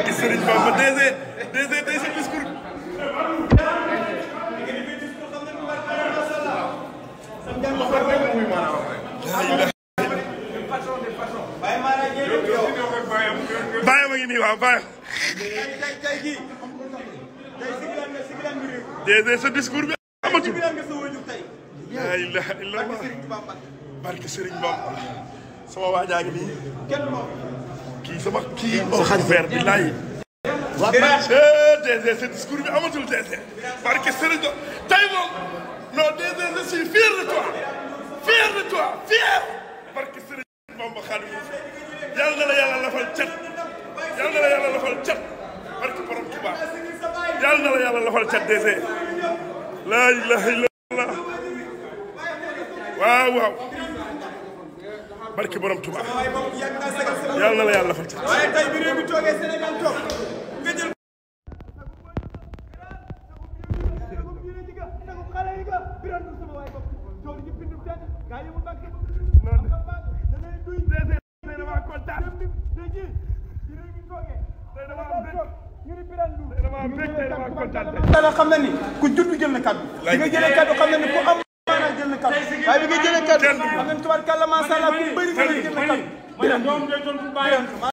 barki Serigne Bamba DG DG tey sa discours bàyyi ma ngi nii waaw bàyyi. DG sa discours bi amatul. laa ilaaha illallaah barki Serigne Bamba sama waajaa ngi nii. kii sama kii au vert bi laay. waaw man DG sa discours bi amatul DG. parce que Serigne Do tey moom non DG je suis fier de toi la lafal cat yàlla borom Tuubaa yàlla na la lafal cat DG laa ilaaha illallaah waaw waaw barke borom Tuubaa yàlla na la yàlla fa ca. waaye tey bi réew mi jël. dana xam na ni ku juddu jël na kaddu. di ku am. nga jëlee kat. kenn du ko am na tubaarkalla macha allah ku bëri nga jëlee kat.